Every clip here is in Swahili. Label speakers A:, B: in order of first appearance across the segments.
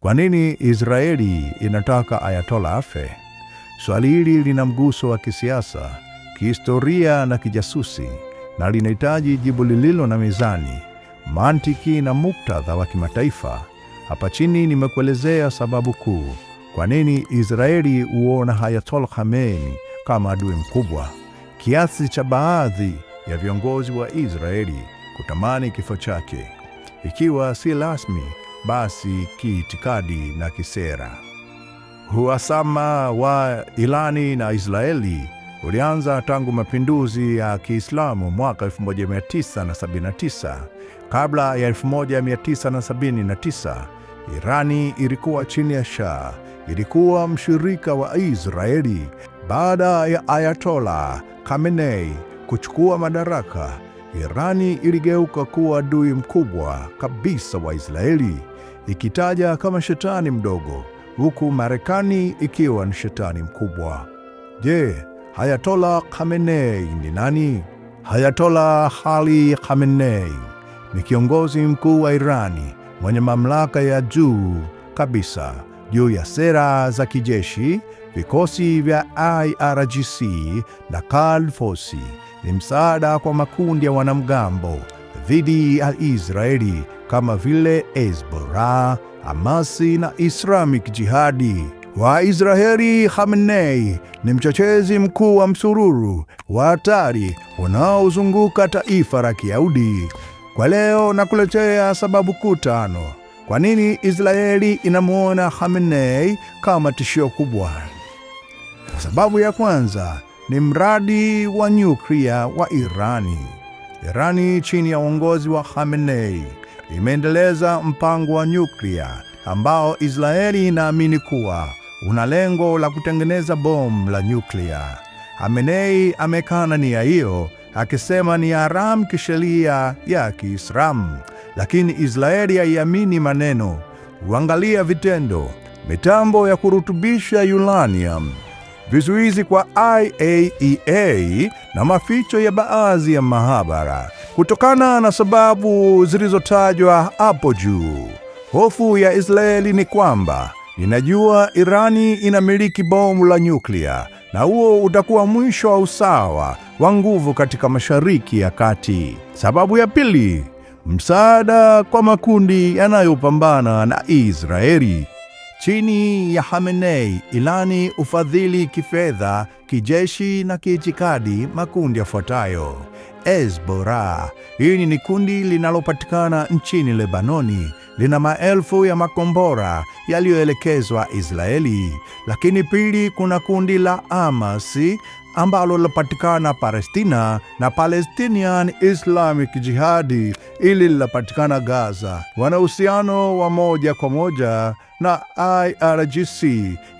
A: Kwa nini Israeli inataka Ayatollah afe? Swali hili lina mguso wa kisiasa, kihistoria na kijasusi, na linahitaji jibu lililo na mizani, mantiki na muktadha wa kimataifa. Hapa chini nimekuelezea sababu kuu kwa nini Israeli huona Ayatollah Khamenei kama adui mkubwa, kiasi cha baadhi ya viongozi wa Israeli kutamani kifo chake, ikiwa si rasmi basi kiitikadi na kisera. Uhasama wa Irani na Israeli ulianza tangu mapinduzi ya Kiislamu mwaka 1979. Kabla ya 1979, Irani ilikuwa chini ya Shah, ilikuwa mshirika wa Israeli. Baada ya Ayatollah Khamenei kuchukua madaraka, Irani iligeuka kuwa adui mkubwa kabisa wa Israeli ikitaja kama shetani mdogo, huku Marekani ikiwa ni shetani mkubwa. Je, Hayatola Khamenei ni nani? Hayatola Ali Khamenei ni kiongozi mkuu wa Irani mwenye mamlaka ya juu kabisa juu ya sera za kijeshi, vikosi vya IRGC na Kalfosi. Ni msaada kwa makundi ya wanamgambo dhidi ya Israeli kama vile Hezbollah, Hamasi na Islamic Jihadi. Waisraeli Khamenei ni mchochezi mkuu wa msururu wa hatari unaozunguka taifa la Kiyahudi. Kwa leo nakuletea sababu kuu tano kwa nini Israeli inamuona Khamenei kama tishio kubwa. Sababu ya kwanza ni mradi wa nyuklia wa Irani. Irani chini ya uongozi wa Khamenei imeendeleza mpango wa nyuklia ambao Israeli inaamini kuwa una lengo la kutengeneza bomu la nyuklia. Hamenei amekana nia hiyo akisema ni haramu kisheria ya Kiislamu, lakini Israeli haiamini maneno, huangalia vitendo. Mitambo ya kurutubisha uranium, vizuizi kwa IAEA e na maficho ya baadhi ya mahabara kutokana na sababu zilizotajwa hapo juu. Hofu ya Israeli ni kwamba inajua Irani inamiliki bomu la nyuklia na huo utakuwa mwisho wa usawa wa nguvu katika Mashariki ya Kati. Sababu ya pili, msaada kwa makundi yanayopambana na Israeli. Chini ya hamenei Irani ufadhili kifedha, kijeshi na kiitikadi makundi yafuatayo: ezbora Hili ni kundi linalopatikana nchini Lebanoni, lina maelfu ya makombora yaliyoelekezwa Israeli. Lakini pili, kuna kundi la Hamas ambalo lilipatikana Palestina na Palestinian Islamic Jihadi, ili lilipatikana Gaza. Wana uhusiano wa moja kwa moja na IRGC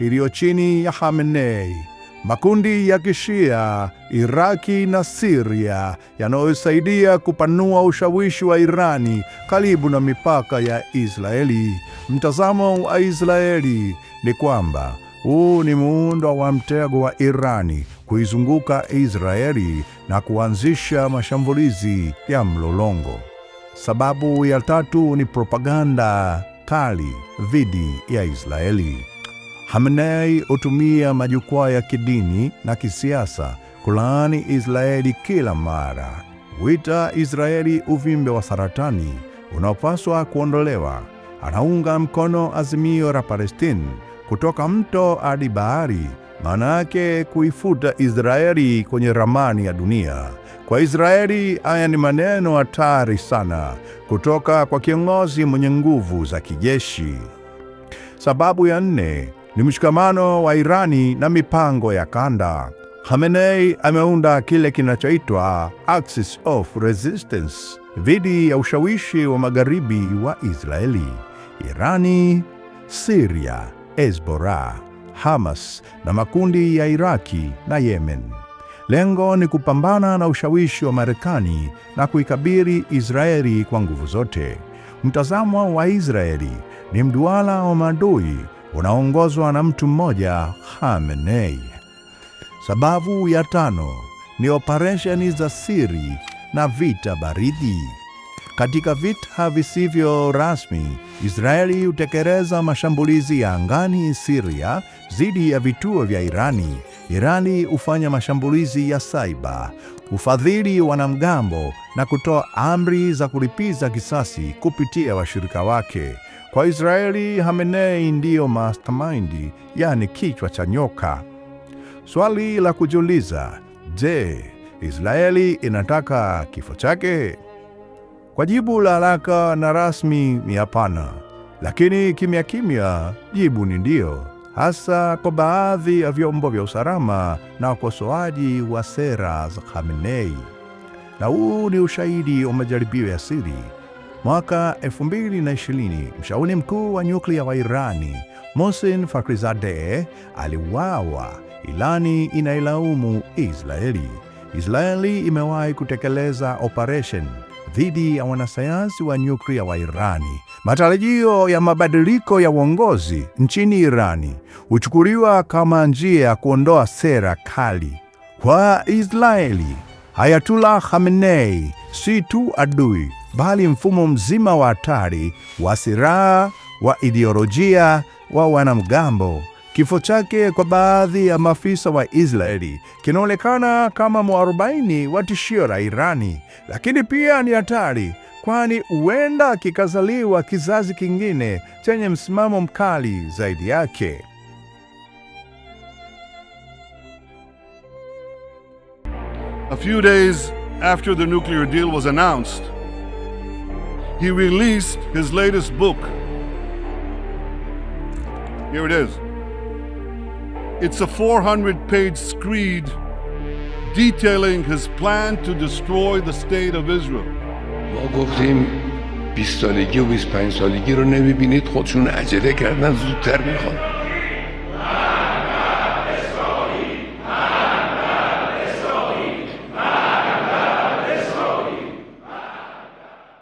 A: iliyo chini ya Khamenei makundi ya Kishia Iraki na Siria yanayosaidia kupanua ushawishi wa Irani karibu na mipaka ya Israeli. Mtazamo wa Israeli ni kwamba huu ni muundo wa mtego wa Irani kuizunguka Israeli na kuanzisha mashambulizi ya mlolongo. Sababu ya tatu ni propaganda kali dhidi ya Israeli. Khamenei hutumia majukwaa ya kidini na kisiasa kulaani Israeli kila mara. Huita Israeli uvimbe wa saratani unaopaswa kuondolewa. Anaunga mkono azimio la Palestine kutoka mto hadi bahari, maana yake kuifuta Israeli kwenye ramani ya dunia. Kwa Israeli, haya ni maneno hatari sana kutoka kwa kiongozi mwenye nguvu za kijeshi. Sababu ya nne, ni mshikamano wa Irani na mipango ya kanda. Khamenei ameunda kile kinachoitwa Axis of Resistance dhidi ya ushawishi wa magharibi wa Israeli, Irani, Siria, Hezbollah, Hamas na makundi ya Iraki na Yemen. Lengo ni kupambana na ushawishi wa Marekani na kuikabiri Israeli kwa nguvu zote. Mtazamo wa Israeli ni mduara wa maadui unaongozwa na mtu mmoja Khamenei. Sababu ya tano ni operesheni za siri na vita baridi. Katika vita visivyo rasmi, Israeli hutekeleza mashambulizi ya angani Siria dhidi ya vituo vya Irani. Irani hufanya mashambulizi ya saiba, ufadhili wanamgambo na kutoa amri za kulipiza kisasi kupitia washirika wake. Kwa Israeli Hamenei ndiyo mastermind, yani kichwa cha nyoka. Swali la kujiuliza, je, Israeli inataka kifo chake? Kwa jibu la haraka na rasmi ni hapana, lakini kimya kimya jibu ni ndiyo, hasa kwa baadhi ya vyombo vya usalama na wakosoaji wa sera za Khamenei. Na huu ni ushahidi wa majaribio ya siri Mwaka 2020 mshauri mkuu wa nyuklia wa Irani Mohsen Fakhrizadeh aliuawa. Irani inailaumu Israeli. Israeli imewahi kutekeleza operation dhidi ya wanasayansi wa nyuklia wa Irani. Matarajio ya mabadiliko ya uongozi nchini Irani huchukuliwa kama njia ya kuondoa sera kali kwa Israeli. Ayatullah Khamenei si tu adui bali mfumo mzima wa hatari wa silaha wa ideolojia wa wanamgambo. Kifo chake kwa baadhi ya maafisa wa Israeli kinaonekana kama mwarobaini wa tishio la Irani, lakini pia ni hatari, kwani huenda kikazaliwa kizazi kingine chenye msimamo mkali zaidi yake.
B: A few days after the nuclear deal was announced, he released his latest book. Here it is. It's a 400 page screed detailing his plan to destroy the state of Israel.
C: ما گفتیم 20 سالگی و 25 سالگی رو نمیبینید خودشون عجله کردن زودتر میخوان